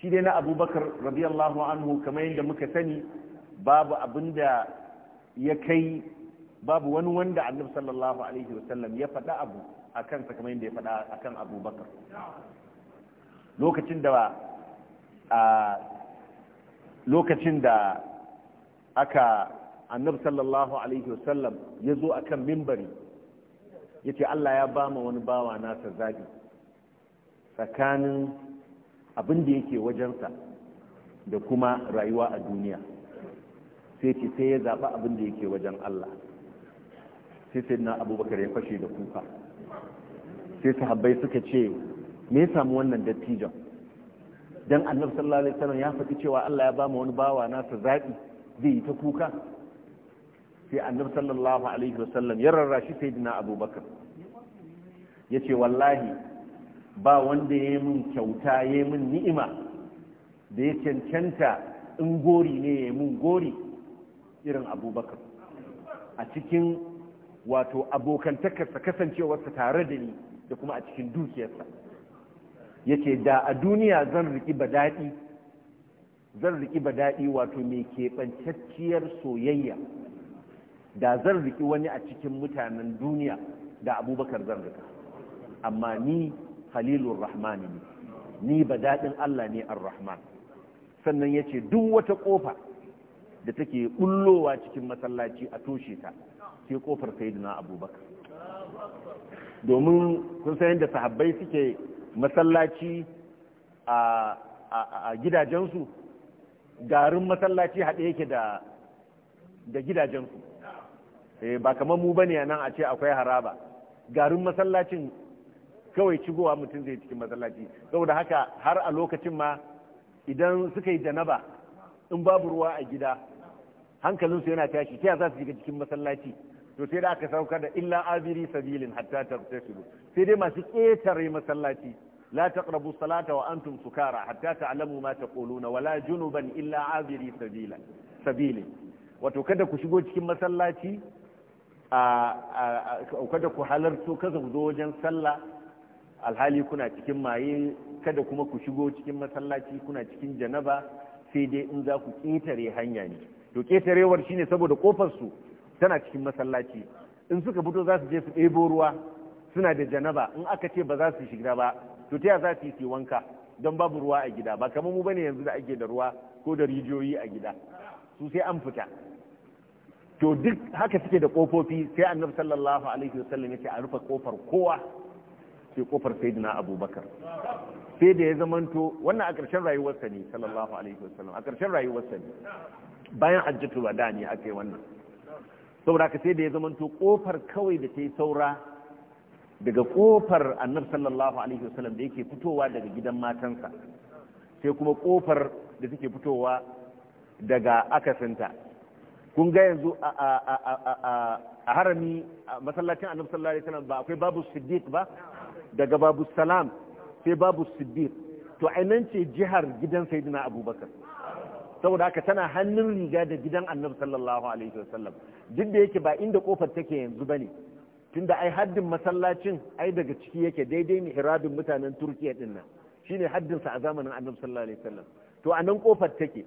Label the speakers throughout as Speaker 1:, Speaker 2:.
Speaker 1: shi dai na abubakar radiyallahu anhu kamar yadda muka sani babu abin da ya kai babu wani wanda annab sallallahu alaihi wasallam ya faɗa abu a kansa kamar yadda ya faɗa a kan abubakar lokacin da lokacin da aka annab sallallahu alaihi wasallam ya zo a kan mimbari ya ce allah ya ba ma wani bawa nasa zabi tsakanin abin da yake wajensa da kuma rayuwa a duniya sai ce sai ya zaɓa abin da yake wajen Allah sai sai na abubakar ya fashe da kuka sai sahabbai suka ce me ya samu wannan dattijan don annabi sallallahu alaihi wasallam ya faɗi cewa Allah ya ba mu wani bawa nasa zaɓi zai yi ta kuka sai annabi sallallahu alaihi wasallam ya rarrashi sayyidina abubakar yace wallahi ba wanda ya yi min kyauta ya min ni'ima da ya cancanta in gori ne ya min gori irin abubakar a cikin wato abokantakarsa kasancewarsa tare da ni da kuma a cikin dukiyarsa ya da a duniya zan riki ba daɗi zan riki ba daɗi wato mai keɓancacciyar soyayya da zan riki wani a cikin mutanen duniya da abubakar zan rika amma ni halilun rahmani ne ni ba daɗin Allah ne ar-rahman sannan ya ce duk wata ƙofa da take ɓullowa cikin masallaci a toshe ta sai ƙofar sayidina abubakar domin kun san yadda sahabbai suke masallaci a gidajensu garin masallaci haɗe yake da gidajensu eh, ba kamar mu bane nan a ce akwai haraba garin masallacin kawai shigowa mutum zai cikin masallaci saboda haka har a lokacin ma idan suka yi janaba in babu ruwa a gida hankalinsu yana tashi ta za su shiga cikin masallaci to sai da aka saukar da illa abiri sabilin hatta tartasilu sai dai masu ƙetare masallaci لا تقربوا الصلاة وأنتم سكارى حتى تعلموا ما تقولون wala جنبا إلا عابري سبيلا سبيل wato kada ku shigo
Speaker 2: cikin masallaci
Speaker 1: a kada ku halarto kada ku zo wajen sallah alhali kuna cikin maye kada kuma ku shigo cikin masallaci kuna cikin janaba sai dai in za ku ƙetare hanya ne to ƙetarewar shine saboda kofar su tana cikin masallaci in suka fito za su je su ɗebo ruwa suna da janaba in aka ce ba za su shiga ba to ta za su yi wanka don babu ruwa a gida ba kamar mu bane yanzu da ake da ruwa ko da rijiyoyi a gida su sai an fita to duk haka suke da kofofi sai annabi sallallahu alaihi wasallam yace a rufe kofar kowa sai kofar sayyidina abubakar sai da ya zamanto wannan a ƙarshen rayuwarsa ne sallallahu alaihi wasallam a ƙarshen rayuwarsa ne bayan hajjatul wada ne aka yi wannan saboda ka sai da ya zamanto kofar kawai da ta yi saura daga kofar annab sallallahu alaihi wasallam da yake fitowa daga gidan matansa sai kuma kofar da take fitowa daga akasinta kun ga yanzu a harami masallacin annab sallallahu alaihi wasallam ba akwai babu siddiq ba daga babu salam sai babu siddiq to ainihin ce jihar gidan sayyidina abubakar saboda haka tana hannun riga da gidan annabi sallallahu alaihi wasallam duk da yake ba inda kofar take yanzu bane tunda ai haddin masallacin ai daga ciki yake daidai ne irabin mutanen turkiya din nan shine haddin sa a zamanin annabi sallallahu alaihi wasallam to a nan kofar take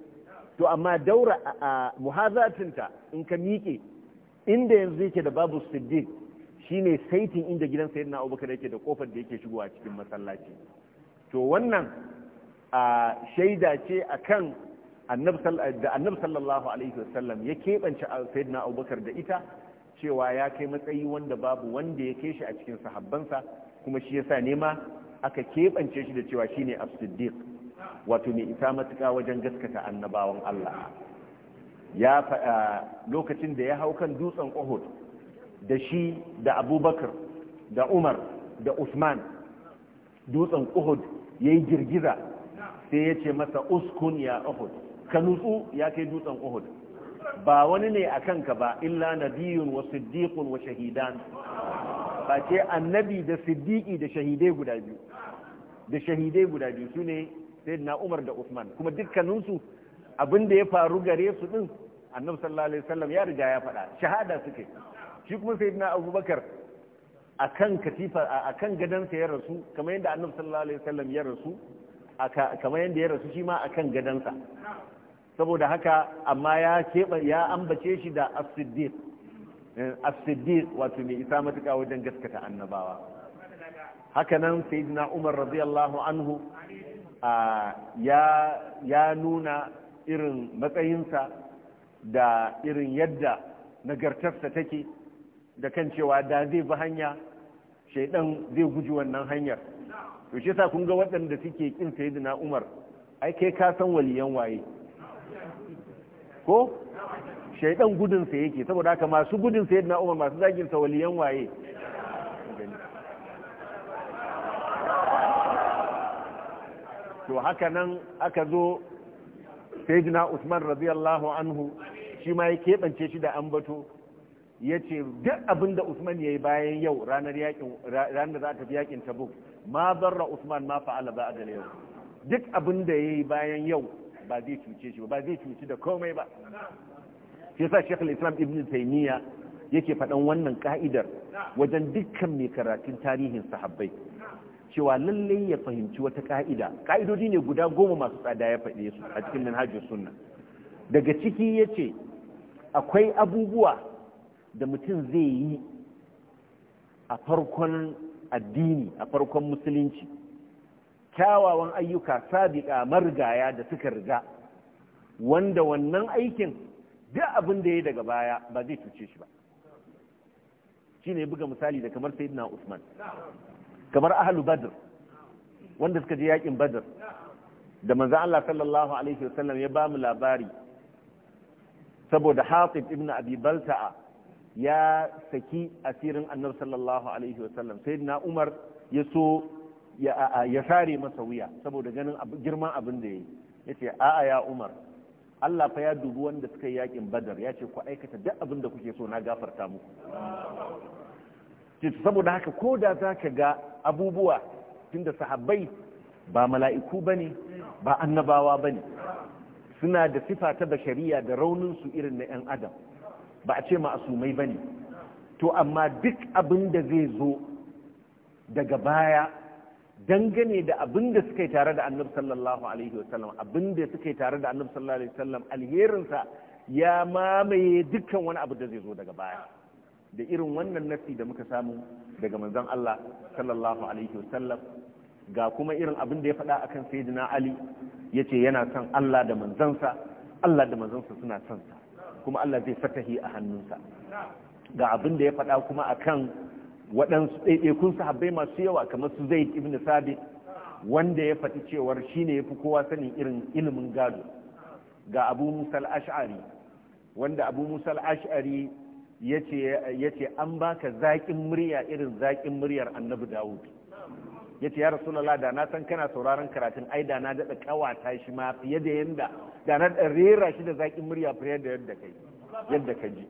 Speaker 1: to amma daura muhazatinta in ka miƙe inda yanzu yake da babu siddiq Shi ne saitin inda gidan sayyidina abubakar yake da kofar da yake shigowa cikin masallaci to wannan a shaida ce akan da annabi sallallahu alaihi wasallam ya keɓance sayyidina abubakar da ita cewa ya kai matsayi wanda babu wanda ya ke shi a cikin sahabbansa kuma shi yasa nema aka keɓance shi da cewa shi ne siddiq wato mai isa matuƙa wajen gaskata annabawan Allah ya lokacin da ya hau kan dutsen ohud da shi da abubakar da umar da usman dutsen uhud ya yi girgiza sai ya ce masa uskun ya uhud ka nutsu ya kai dutsen uhud ba wani ne a kanka ba illa nabiyun wa siddiqun wa shahidan ba ce annabi da siddiqi da shahidai guda biyu da shahidai guda biyu su ne na umar da usman kuma dukkaninsu abin da ya faru gare su din annabi sallallahu alaihi wasallam ya riga ya faɗa shahada suke shi kuma na abubakar a kan katifa a kan gadansa ya rasu kamar yadda annabi sallallahu alaihi wasallam ya rasu kamar yadda ya rasu shi ma a kan gadansa saboda haka amma ya keɓa ya ambace shi da as-siddiq eh, as-siddiq wato mai isa matuƙa wajen gaskata annabawa haka nan sayyidina umar radiyallahu anhu ya ya nuna irin matsayinsa da irin yadda nagartarsa take da kan cewa da zai bi hanya shaidan zai guji wannan hanyar to shi yasa kun ga waɗanda suke kin sayyidina Umar ai kai ka san waliyan waye ko shaidan gudun sa yake saboda haka masu gudun sayyidina Umar masu zagin sa waliyan waye to haka nan aka zo sayyidina Usman radiyallahu anhu shi ma ya keɓance shi da ambato ya ce duk abin da Usman ya yi bayan yau ranar da za ta fi yakin tabuk ma zarra Usman ma fa'ala ba a da yau duk abin da ya yi bayan yau ba zai cuce shi ba zai cuci da komai ba shi sa shekul islam ibn taimiyya yake faɗan wannan ka'idar wajen dukkan mai karatun tarihin sahabbai cewa lallai ya fahimci wata ka'ida ka'idodi ne guda goma masu tsada ya faɗe su a cikin manhajar sunna daga ciki ya ce akwai abubuwa da mutum zai yi a farkon addini a farkon musulunci kyawawan ayyuka sabiƙa marigaya da suka riga wanda wannan aikin duk abin da ya daga baya ba zai cuce shi ba shi ne buga misali da kamar sayidina usman kamar ahalu badr wanda suka je yakin badr da manzan Allah sallallahu alaihi wasallam ya ba mu labari saboda hatib ibn abi balta'a ya saki asirin annabi sallallahu alaihi wasallam sai na umar ya so ya sare masa wuya saboda ganin girman abin da ya yi ya ce a'a ya umar Allah fa ya dubi wanda suka yi yakin badar ya ce ku aikata duk abin da kuke so na gafarta muku saboda haka ko da za ka ga abubuwa tunda sahabbai ba mala'iku ba ne ba annabawa ba ne suna da sifata da shari'a da raunin su irin na 'yan adam ba a ce ma'asumai ba ne to amma duk abin da zai zo daga baya dangane da abin da suka yi tare da annabi sallallahu alaihi wasallam abin da suka yi tare da annabi sallallahu alaihi wasallam alherinsa ya mamaye dukkan wani abu da zai zo daga baya da irin wannan nasi da muka samu daga manzon Allah sallallahu alaihi wasallam ga kuma irin abin da ya faɗa akan sayyidina Ali yace yana son Allah da manzansa Allah da manzansa suna son sa kuma Allah zai fatahi a hannunsa ga abin da ya faɗa kuma a kan waɗansu ɗaiɗaikun sahabbai masu yawa kamar su zaid ibn sabit wanda ya faɗi cewar shi ne ya fi kowa sanin irin ilimin gado ga abu musa ashari wanda abu musa ashari ya yace an baka zaƙin murya irin zaƙin muryar annabi dawud ya ce ya rasulallah da na san kana sauraron karatun ai da na daɗa kawata shi ma fiye da yadda da na rera shi da zaƙin murya fiye da yadda kai yadda ka ji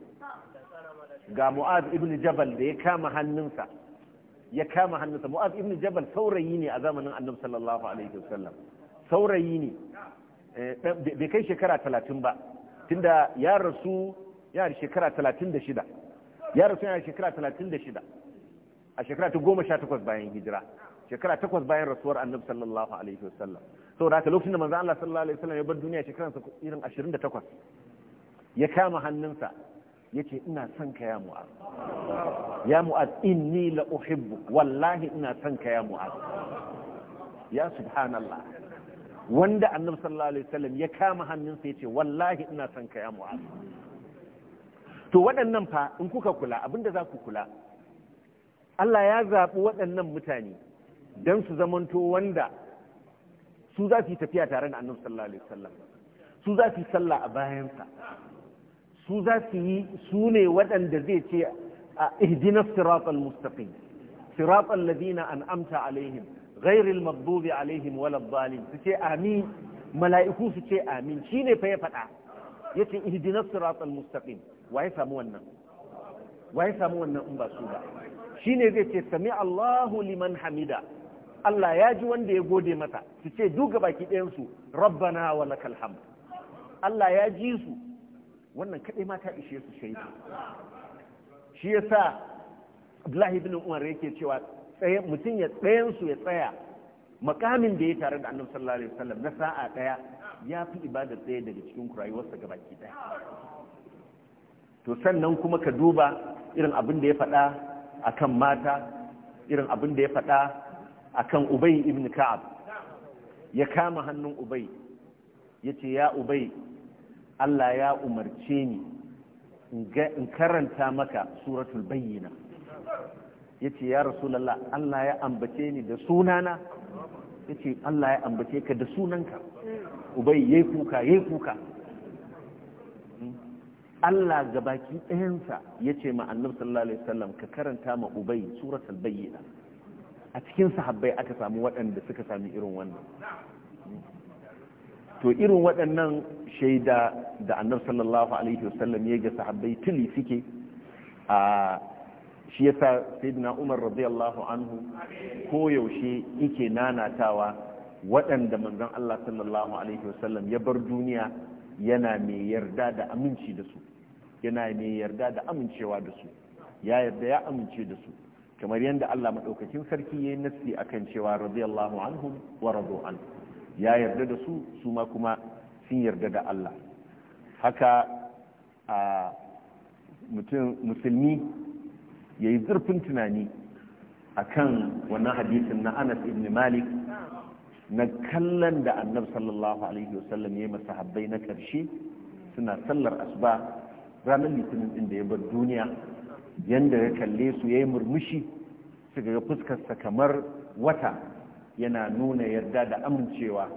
Speaker 1: ga mu'az ibn jabal da ya kama hannunsa ya kama hannunsa mu'az ibn jabal saurayi ne a zamanin annabi sallallahu alaihi wasallam saurayi ne eh, bai kai shekara talatin ba tunda ya rasu yana shekara talatin da shida ya rasu yana shekara talatin da shida a shekara ta goma sha takwas bayan hijira shekara takwas bayan rasuwar annabi sallallahu alaihi wasallam saboda haka lokacin da manzo Allah sallallahu alaihi wasallam ya bar duniya shekaran shekaransa irin 28 ya kama hannunsa yace ina son ka ya mu'az ya mu'az inni la uhibbu wallahi ina son ka ya mu'az ya subhanallah wanda annabi sallallahu alaihi wasallam ya kama hannunsa yace wallahi ina son ka ya mu'az to waɗannan fa in kuka kula abinda za ku kula Allah ya zaɓi waɗannan mutane don su zamanto wanda su za su yi tafiya tare da annabi sallallahu alaihi wasallam su za su yi sallah a bayansa su za su yi su ne waɗanda zai ce a ihdina siratal mustaqim siratal ladina an'amta alaihim ghairil maghdubi alaihim walad dalin su ce amin mala'iku su ce amin shine fa ya faɗa yace ihdina siratal mustaqim wa samu wannan wa samu wannan in ba su ba shine zai ce sami Allahu liman hamida Allah ya ji wanda ya gode mata su ce duk ga baki ɗayansu rabbana wa lakal hamd Allah ya ji su wannan kaɗai mata ishe su shaidu shi yasa Abdullahi ibn Umar yake cewa mutum ya tsayansu ya tsaya makamin da ya tare da annabi sallallahu alaihi na sa'a ɗaya ya fi ibada tsaye daga cikin rayuwarsa ga baki ɗaya to sannan kuma ka duba irin abin da ya faɗa akan mata irin abin da ya faɗa akan ubay ibn ka'ab ya kama hannun ubay ce ya ubay Allah ya umarce ni in karanta maka suratul bayyina ya ce ya rasulullah Allah ya ambace ni da sunana yace Allah ya ambace ka da sunanka ubay yayi kuka yayi kuka Allah gabaki ɗayansa ya ce ma annabi sallallahu alaihi wasallam ka karanta ma ubai suratul bayyina a cikin sahabbai aka samu waɗanda suka sami irin wannan to irin waɗannan shaida da annabi sallallahu alaihi wasallam ya ga sahabbai tuli suke a shi yasa sayyidina umar radiyallahu anhu koyaushe yake nanatawa waɗanda manzon Allah sallallahu alaihi wasallam ya bar duniya yana mai yarda da aminci da su yana mai yarda da amincewa da su ya yarda ya amince da su kamar yadda Allah maɗaukacin sarki ya yi nassi akan cewa radiyallahu wa radu an ya yarda da su su ma kuma sun yarda da Allah haka a mutum musulmi ya yi zurfin tunani akan wannan hadisin na Anas ibn Malik na kallon da annabi sallallahu alaihi wasallam ya masa na ƙarshe suna sallar asuba ranar litinin ɗin da ya bar duniya yanda ya kalle su ya yi murmushi suka ga fuskarsa kamar wata yana nuna yarda da amincewa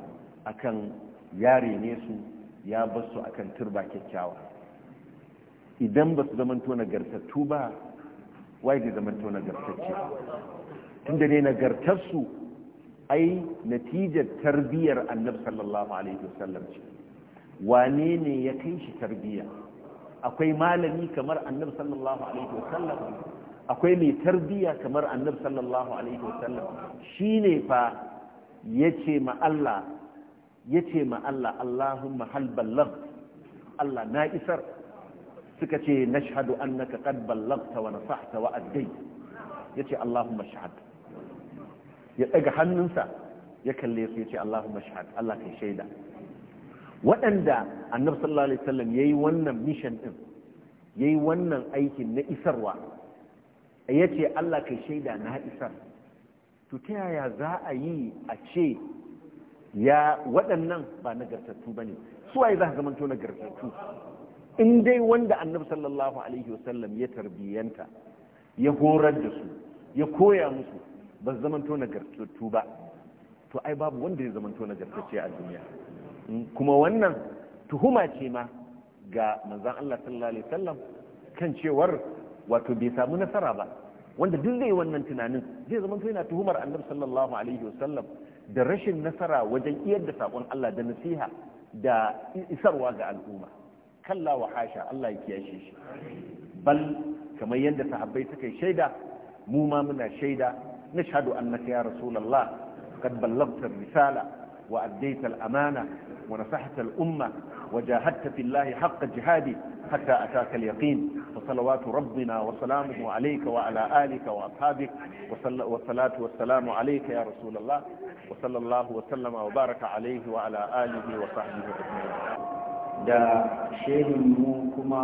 Speaker 1: akan yare ne su ya basu akan turba kyakkyawa idan ba su zamanto nagartattu ba wai zai zamanto nagartacce tunda ne nagartarsu ai natijar tarbiyyar annabi sallallahu alaihi wasallam ce wane ne ya kai shi tarbiyya akwai malami kamar annabi sallallahu alaihi wasallam akwai mai tarbiya kamar annab sallallahu alaihi wasallam shi ne fa ya ce ma Allah ya ce ma Allah Allahumma Allah na isar suka ce na shahadu nashhadu annaka qad ballagta wa nasahta wa addai yace Allahumma shahad ya ɗaga hannunsa ya kalle su yace Allahumma shahad Allah kai shaida waɗanda annab sallallahu alaihi wasallam yi wannan mission ya yi wannan aikin na isarwa ya ce Allah kai shaida na isar to ta yaya za a yi a ce ya waɗannan ba nagartattu ba ne suwaye za ka zamanto nagartattu in dai wanda annabi sallallahu alaihi wasallam ya tarbiyyanta ya horar da su ya koya musu ba su na nagartattu ba to ai babu wanda ya zamanto nagartacce a duniya hmm, kuma wannan tuhuma ce ma ga manzan Allah sallallahu alaihi wasallam kan cewar wato bai samu nasara ba wanda duk zai wannan tunanin zai zama yana tuhumar annabi sallallahu alaihi wasallam da rashin nasara wajen iyar da sakon Allah da nasiha da isarwa ga al'umma kalla wa hasha Allah ya kiyashe shi bal kamar yadda sahabbai suka yi shaida mu ma muna shaida na shahadu annaka ya rasulullah qad ballaghta risala wa addaita al-amana wa nasahta al-umma wa jahadta fillahi haqq jihadi حتى أتاك اليقين فصلوات ربنا وسلامه عليك وعلى آلك وأصحابك والصلاة والسلام عليك يا رسول الله وصلى الله وسلم وبارك عليه وعلى آله وصحبه أجمعين شيخ mu kuma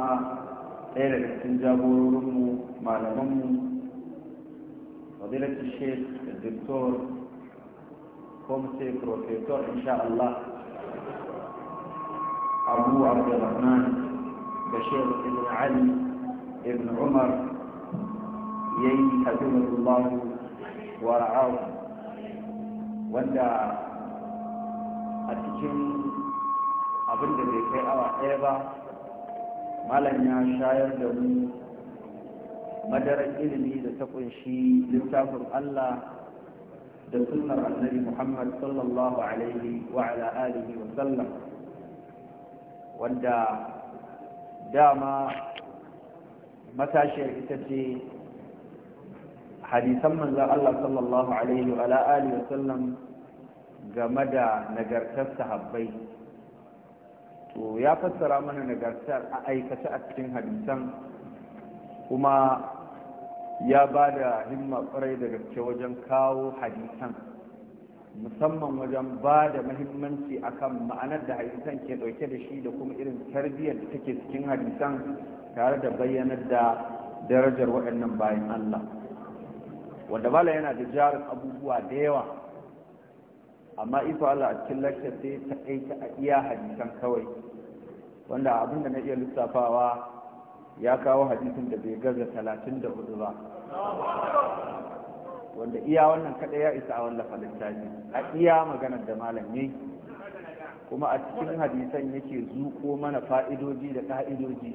Speaker 1: ɗaya daga cikin فضيلة الشيخ الدكتور كومسي بروفيتور إن شاء الله أبو عبد الرحمن bashir ibn ali ibn umar ya yi hafizullahu wa ra'ahu wanda a cikin abin bai kai awa ɗaya ba malam ya shayar da mu madarar ilimi da ta ƙunshi littafin allah da sunnar annabi muhammad sallallahu alaihi wa sallam wanda dama matashiyar ita ce hadisan manzan Allah sallallahu alaihi wa wa sallam game da nagartar sahabbai to ya fassara mana nagartar a aikace a cikin hadisan kuma ya ba da himma kwarai da gaske wajen kawo hadisan musamman wajen ba da mahimmanci akan ma'anar da hadisan ke dauke da shi da kuma irin tarbiyyar da take cikin hadisan tare da bayyanar da darajar waɗannan bayan Allah wanda bala yana da jarin abubuwa da yawa amma ifa Allah a cikin lakshar sai ta aika a iya hadisan kawai wanda abin da na iya lissafawa ya kawo hadisin da bai gaza talatin da hudu ba wanda iya wannan kada ya isa a wallafa littafi a iya maganar da malam kuma a cikin hadisan yake zuko mana fa'idoji da ka'idoji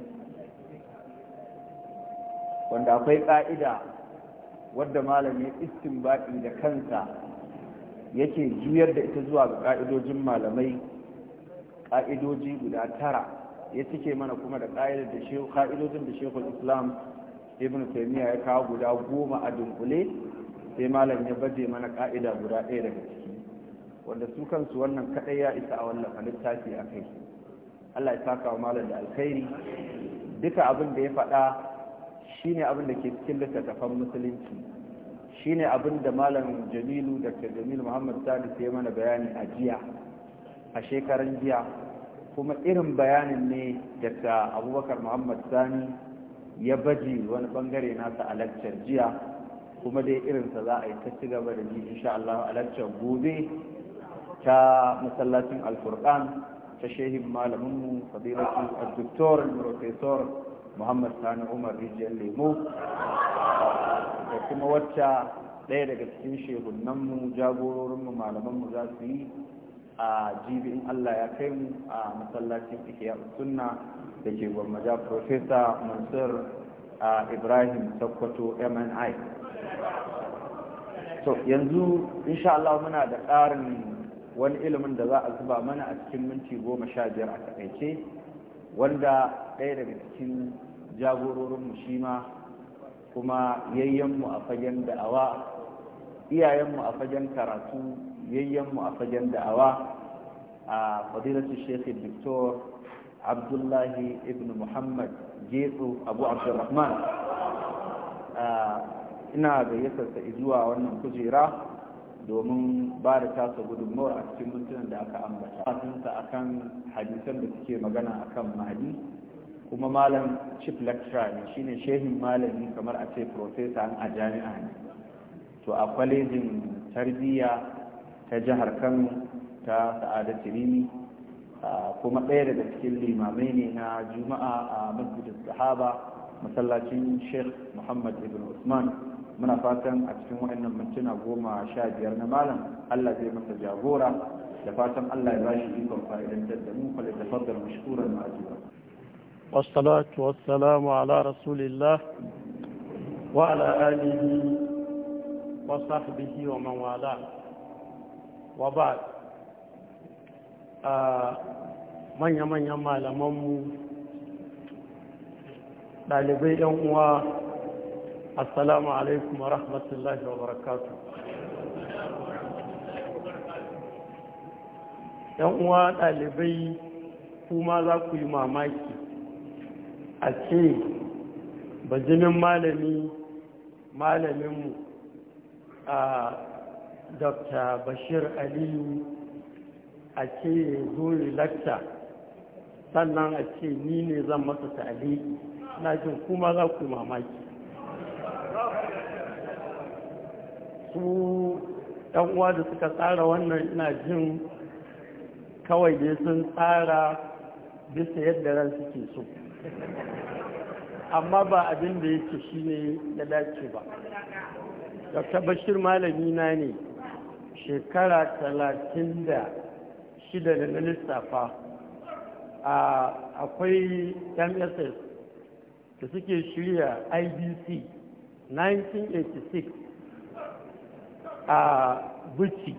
Speaker 1: wanda akwai ka'ida wadda malam ya istinbadi da kansa yake juyar da ita zuwa ga ka'idojin malamai ka'idoji guda tara ya cike mana kuma da ka'idojin da shekul islam ibn taymiya ya kawo guda goma a dunkule sai malam ya baje mana ka'ida guda ɗaya daga ciki wanda su kansu wannan kaɗai ya isa a wallafa littafi a kai allah ya saka wa malam da alkhairi duka abin da ya faɗa shine abin da ke cikin littattafan musulunci shine abin da malam jamilu dr jamilu muhammad salisu ya mana bayani a jiya a shekaran jiya kuma irin bayanin ne da abubakar muhammad sani ya baji wani bangare nasa a lakcar jiya kuma dai irinsa za a yi ta ci gaba da ji insha Allah a laccar gobe ta masallacin alfurqan ta shehin malaminmu fadilatu al-doktor professor Muhammad Sani Umar Rijiyar Lemo da kuma wacce ɗaya daga cikin shehunanmu jagororinmu malamanmu za su yi a jibi in Allah ya kai mu a masallacin ikiya Sunna da ke gwamnati Professor Mansur Ibrahim Sokoto MNI. to yanzu insha Allah muna da ƙarin wani ilimin da za a zuba mana a cikin minti goma sha biyar a takaice wanda ɗaya daga cikin jagororinmu shi ma kuma yayyenmu a fagen da'awa iyayenmu a fagen karatu yayyenmu a fagen da'awa a fadilatu sheikh victor abdullahi ibn muhammad getsu abu abdulrahman ina gayyatarsa zuwa wannan kujera domin ba da tasa gudunmawar a cikin mintunan da aka ambata fasinsa akan hadisan da suke magana akan mahadi kuma malam chief lecturer ne shine shehin malami kamar a ce professor a jami'a ne to a kwalejin tarbiyya ta jihar kano ta sa'ada tirimi kuma ɗaya daga cikin limamai ne na juma'a a masjidin sahaba masallacin sheikh muhammad ibn usman muna fatan a cikin waɗannan mintuna goma sha biyar na malam Allah zai masa jagora da fatan Allah ya bashi ikon fa'idantar da mu kwale da fadar mashkuran ma'ajira.
Speaker 3: والصلاة والسلام على رسول الله وعلى آله وصحبه ومن wa ba a manya يمال malamanmu ɗalibai 'yan uwa السلام عليكم wa barakatu وبركاته uwa ɗalibai kuma za ku yi mamaki a ce bajinin malami malaminmu a dr bashir aliyu a ce zoye lakta sannan a ce ni ne zan masa ta'ali na jin kuma za ku yi mamaki su uwa da suka tsara wannan ina jin kawai dai sun tsara bisa yadda ran suke so amma ba abin da yake shi ne ya dace ba dr bashir malami na ne shekara talatin da shida da na lissafa akwai mss da suke shirya ibc 1986 a buci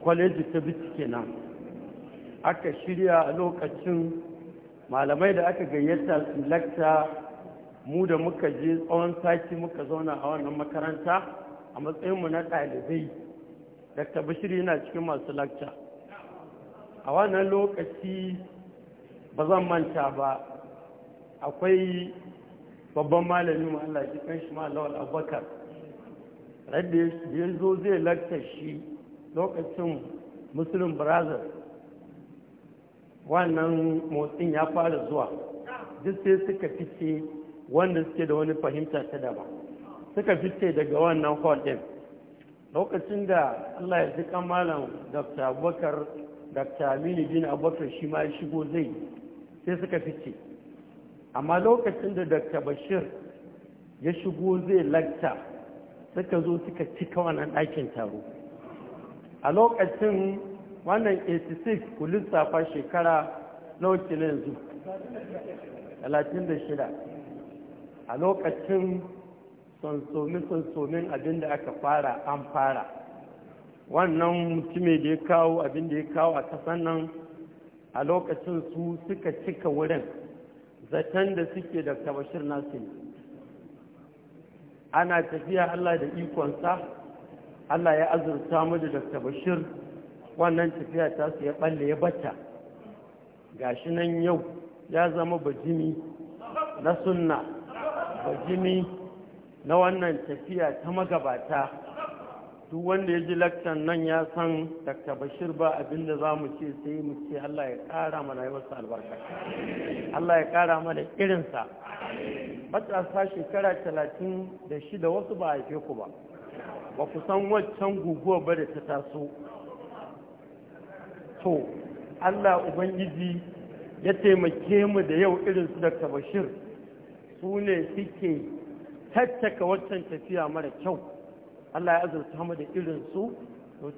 Speaker 3: kwaleji ta buci kenan aka shirya a lokacin malamai da aka gayyata lakta mu da muka je tsawon sati muka zauna a wannan makaranta a matsayin mu na ɗalibai dakta bashir yana cikin masu lakta a wannan lokaci ba zan manta ba akwai babban malami Allah shi kan shi malawar abubakar radda ya zo zai lakta shi lokacin muslim brothers wannan motsin ya fara zuwa duk sai suka fice wanda suke da wani fahimta ta daba suka fice daga wannan hotel lokacin da allah ya ji kamalan dr abubakar dr aminu bin abubakar shi ma shigo zai sai suka fice amma lokacin da dr bashir ya shigo zai lakta suka zo suka cika wannan ɗakin taro a lokacin wannan 86 ku lissafa shekara nawa na yanzu 36 a lokacin sonsomi sonsomin abin da aka fara an fara wannan mutumin da ya kawo abin da ya kawo a kasan nan a lokacin su suka cika wurin zaton da suke da tabashir nasiru ana tafiya Allah da ikonsa Allah ya azurta mu da Dr. Bashir wannan tafiya ta su ya balle ya bata gashi nan yau ya zama bajimi na sunna bajimi na wannan tafiya ta magabata duk wanda ya ji laccan nan ya san daga Bashir ba abinda da za mu ce sai mu ce Allah ya ƙara mana yawarsa albarka. Allah ya ƙara mana irinsa. Matasa shekara talatin da shida wasu ba haife ku ba. Ba ku san waccan guguwa ba da ta taso. To, Allah Ubangiji ya taimake mu da yau irinsu daga Bashir su ne suke tattaka waccan tafiya mara kyau. Allah ya azurta mu da irin su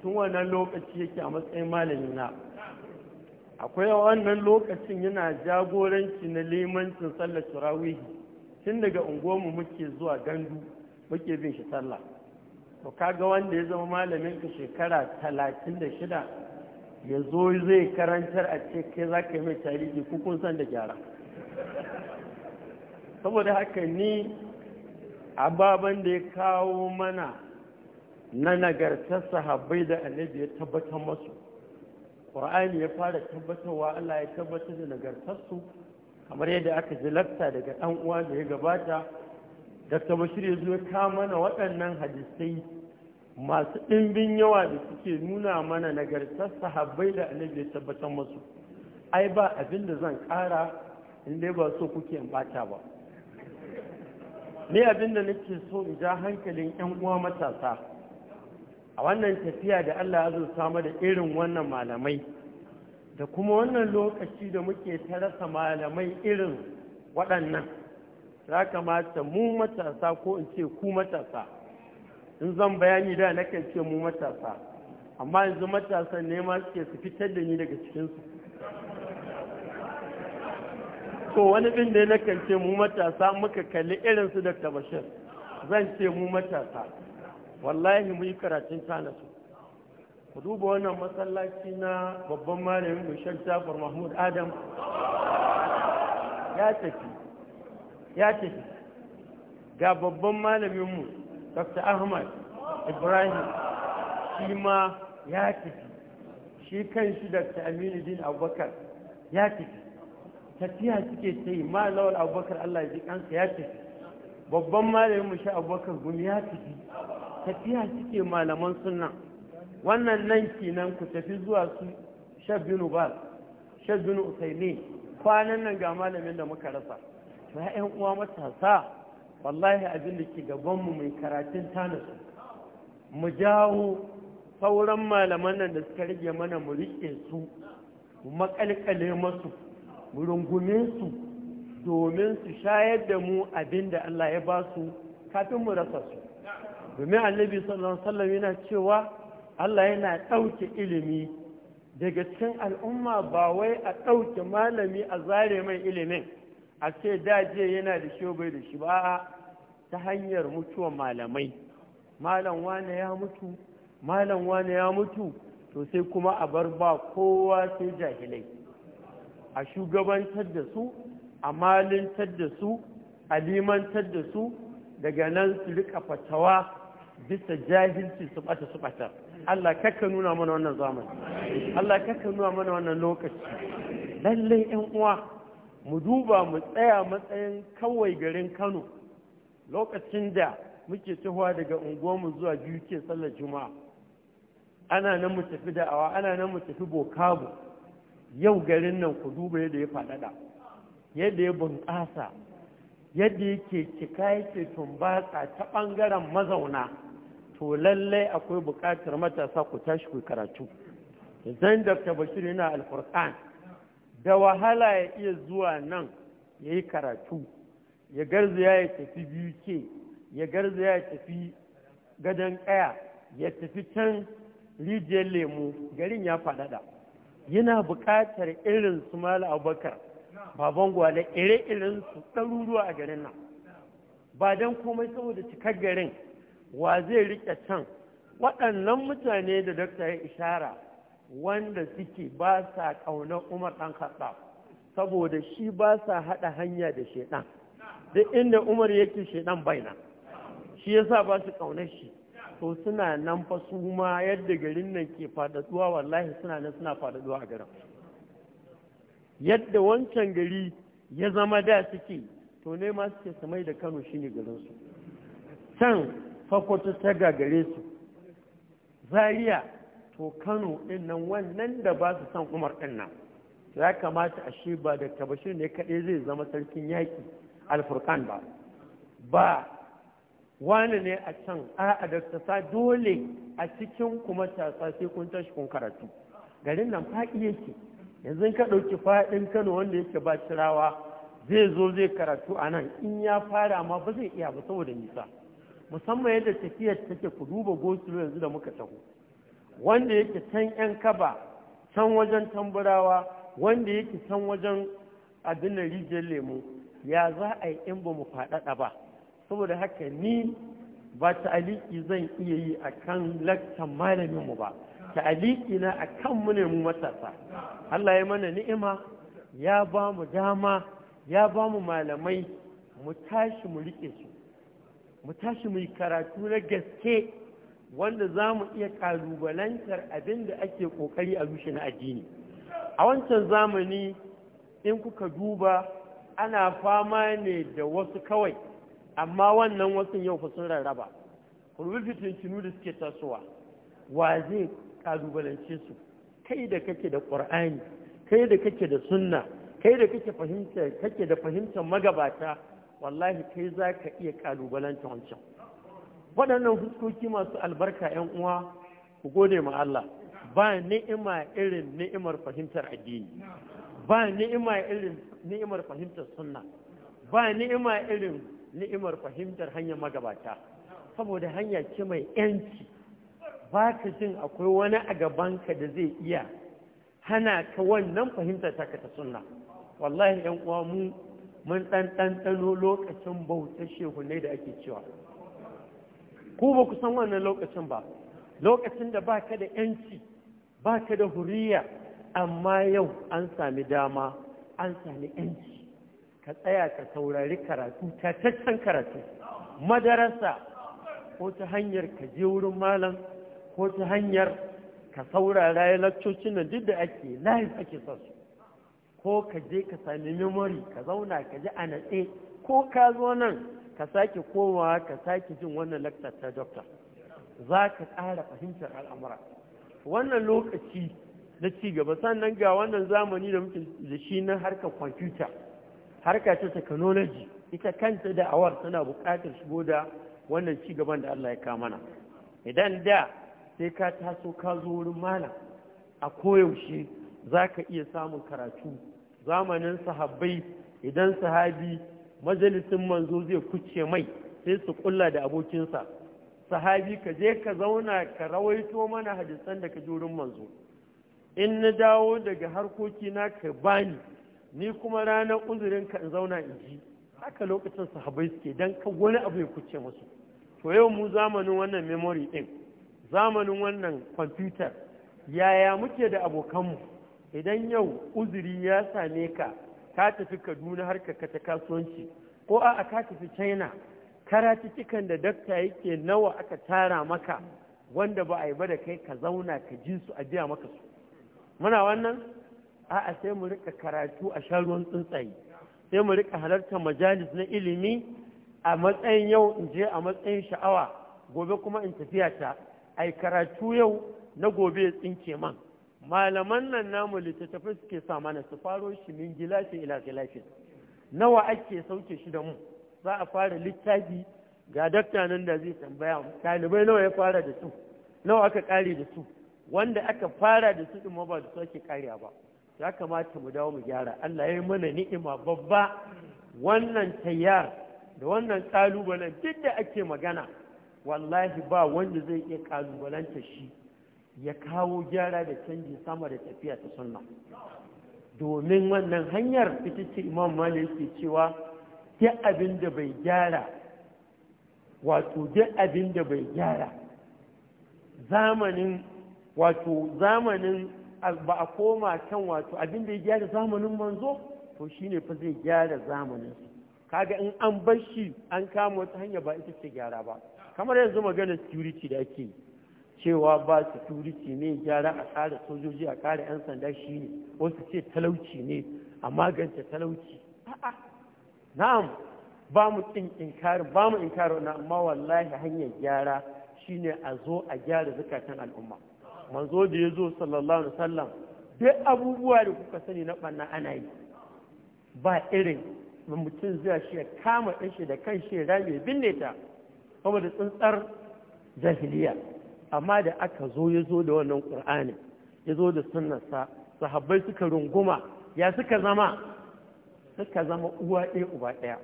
Speaker 3: tun wannan lokaci yake a matsayin malami na akwai wannan lokacin yana jagoranci na limancin sallar turawihi tun daga unguwarmu muke zuwa gandu muke bin shi sallah to kaga wanda ya zama malamin ka shekara talatin da shida ya zo zai karantar a ce kai za ka yi mai tarihi ko san da gyara saboda haka ni ababen da ya kawo mana na nagartar sahabbai da annabi ya tabbatar masu ƙur'ani ya fara tabbatarwa Allah ya tabbatar da nagartar su. kamar yadda aka ji lafta daga ɗan uwa da ya gabata dr bashir ya zo ta mana waɗannan hadisai masu ɗimbin yawa da suke nuna mana nagartar sahabbai da annabi ya tabbatar masu ai ba abin da zan ƙara in dai ba so kuke in ɓata ba ni abin da nake so in ja hankalin 'yan uwa matasa a wannan tafiya da Allah ya zo samu da irin wannan malamai da kuma wannan lokaci da muke ta rasa malamai irin waɗannan ya kamata mu matasa ko in ce ku matasa in zan bayani da na kan ce mu matasa amma yanzu matasan ne ma suke su fitar da ni daga cikinsu to wani ɗin da na kan ce mu matasa muka kalli irinsu da bashir zan ce mu matasa wallahi mu yi karatun tana ku duba wannan masallaci na babban malamin mu shan jafar mahmud adam ya tafi ya tafi ga babban malamin mu dr ahmad ibrahim shi ma ya tafi shi kan shi dr aminu din abubakar ya tafi tafiya suke ta yi ma abubakar allah ya ji kansa ya tafi babban malamin mu shi abubakar gumi ya tafi tafiya suke malaman sunna wannan nan kenan ku tafi zuwa su shabinu ba shabinu usaini kwanan nan ga malamin da muka rasa ba yan uwa matasa wallahi abin da ke gabanmu mai karatun tanasu mu jawo sauran malaman nan da suka rage mana mu riƙe su mu makalkale masu mu rungume su domin su shayar da mu abin da Allah ya ba su kafin mu rasa su domin annabi sallallahu alaihi yana cewa Allah yana ɗauke ilimi daga cikin al'umma ba wai a ɗauke malami a zare mai ilimin a ce daje yana da shi bai da shi ba ta hanyar mutuwar malamai malam wane ya mutu malam wane ya mutu to sai kuma a bar ba kowa sai jahilai a shugabantar da su a malintar da su a limantar da su daga nan su rika fatawa bisa jahilci su ɓata su ɓata Allah kakka nuna mana wannan zamani Allah kakka nuna mana wannan lokaci lallai yan uwa mu duba mu tsaya matsayin kawai garin Kano lokacin da muke tahowa daga unguwarmu zuwa biyu ke sallar juma'a ana nan mu tafi da'awa ana nan mu tafi bokabu yau garin nan ku duba yadda ya faɗaɗa yadda ya bunƙasa yadda yake cika yake tumbatsa ta ɓangaren mazauna to lallai akwai buƙatar matasa ku tashi ku karatu Zan da bashir yana alfurkan da wahala ya iya zuwa nan ya yi karatu ya garzaya ya tafi biyu ke ya garzaya ya tafi gadon ƙaya ya tafi can rijiyar lemu garin ya faɗaɗa yana buƙatar irin su abubakar baban gwale ire-iren su ɗaruruwa a garin nan ba don komai saboda cikar garin wa zai riƙe can waɗannan mutane da dokta ya ishara wanda suke ba sa ƙaunar umar ɗan kasa saboda shi ba sa haɗa hanya da shaiɗan duk inda umar yake shaiɗan baina shi ya sa ba su ƙaunar shi to suna nan fa ma yadda garin nan ke faɗaɗuwa wallahi suna nan suna faɗaɗuwa a garin yadda wancan gari ya zama da suke to ne ma suke samai da kano shine garinsu can fakwato ta gagare su zariya to kano ɗin nan wannan da ba su san umar ɗin nan ya kamata a shi ba da tabashir ne kaɗai zai zama sarkin yaƙi alfurkan ba ba wani ne a can a'a da dole a cikin kuma tasa sai kun tashi kun karatu garin nan faɗi yake yanzu ka ɗauki faɗin kano wanda yake ba cirawa zai zo zai karatu a nan in ya fara amma ba zai iya ba saboda nisa musamman yadda tafiyar take ku duba gosulo yanzu da muka taho wanda yake can yan kaba can wajen tamburawa wanda yake can wajen abin rijiyar lemu ya za a yi in ba mu faɗaɗa ba saboda haka ni ba ta aliki zan iya yi a kan malamin mu ba ta'alikina akan mu ne mu matasa Allah ya mana ni'ima ya ba mu dama ya ba mu malamai mu tashi mu riƙe su mu tashi mu yi karatu na gaske wanda za mu iya ƙalubalantar abin da ake kokari a rushe na addini a wancan zamani in kuka duba ana fama ne da wasu kawai amma wannan wasu yau fa sun rarraba kurbi fitintinu da suke tasowa wa zai kalubalance su kai da kake da ƙur'ani kai da kake da sunna kai da kake da fahimtar magabata wallahi kai za ka iya kalubalance wancan waɗannan huskoki masu albarka ‘yan uwa ku gode ma Allah ba ni'ima irin ni'imar fahimtar addini ba ni'ima irin ni'imar fahimtar sunna ba ni'ima irin ni'imar fahimtar hanyar magabata saboda hanya ce mai ‘yanci ba ka jin akwai wani a gaban ka da zai iya hana ka wannan fahimtar taka ta sunna wallahi yan uwa mu mun ɗan ɗanɗano lokacin bautar shehunai da ake cewa ku ba ku san wannan lokacin ba lokacin da ba ka da yanci ba ka da huriya amma yau an sami dama an sami yanci ka tsaya ka saurari karatu tataccen karatu madarasa ko ta hanyar ka je wurin malam ko ta hanyar ka saurara ya laccocin nan duk da ake live ake son ko ka je ka sami memory ka zauna ka ji a natse ko ka zo nan ka sake komawa ka sake jin wannan lakcar ta dokta za ka ƙara fahimtar al'amura wannan lokaci na cigaba sannan ga wannan zamani da muke da shi na harkar kwamfuta harka ta technology ita kanta da awar tana buƙatar shigo da wannan ci gaban da Allah ya na idan da sai ka taso ka zo wurin malam a koyaushe za ka iya samun karatu zamanin sahabbai idan sahabi majalisin manzo zai kuce mai sai su kulla da abokinsa sahabi ka je ka zauna ka rawaito mana hadisan da ka ji wurin manzo in na dawo daga harkoki na ka bani ni kuma ranar uzurin ka in zauna in ji haka lokacin sahabai suke dan ka wani abu ya kuce musu to yau mu zamanin wannan memory ɗin. zamanin wannan kwamfutar yaya muke da abokanmu idan yau uzuri ya same ka ka tafi kaduna harka ka ta kasuwanci ko a ka tafi china cikin da dakta yake nawa aka tara maka wanda ba a yi ba da kai ka zauna ka ji su a biya maka su muna wannan a'a sai mu rika karatu a sha ruwan tsuntsaye sai mu rika halartar majalis na ilimi a matsayin yau in je a matsayin sha'awa gobe kuma in tafiya ta ai karatu yau na gobe tsinke man malaman nan namu littattafai suke sa mana su faro shi min gilashi ila gilashin nawa ake sauke shi da mu za a fara littafi ga dakta nan da zai tambaya ɗalibai nawa ya fara da su nawa aka kare da su wanda aka fara da su ma ba da sake ake kariya ba ya kamata mu dawo mu gyara Allah ya yi mana ni'ima babba wannan tayyar da wannan kalubalen duk da ake magana wallahi ba wanda zai iya kalubalanta shi ya kawo gyara da canji sama da tafiya ta sunna domin wannan hanyar ita ce imam malik ke cewa duk abin da bai gyara wato duk abin da bai gyara zamanin wato zamanin ba a koma kan wato abin da ya gyara zamanin manzo to shi ne fa zai gyara zamanin kaga in an bar shi an kama wata hanya ba ita ce gyara ba kamar yanzu maganar security da ake cewa ba security ne gyara a kare sojoji a kare 'yan sanda shi ne wasu ce talauci ne a magance talauci na'am ba mu tsin inkari ba mu inkari na amma wallahi hanyar gyara shine a zo a gyara zukatan al'umma manzo da ya zo sallallahu alaihi wasallam duk abubuwa da kuka sani na ɓanna ana yi ba irin mutum zai shi ya kama ɗanshi da kan shi ya binne ta saboda tsuntsar jahiliya amma da aka zo ya zo da wannan ƙur'ani ya zo da sunansa sahabbai suka runguma ya suka zama suka zama uwa ɗaya uba ɗaya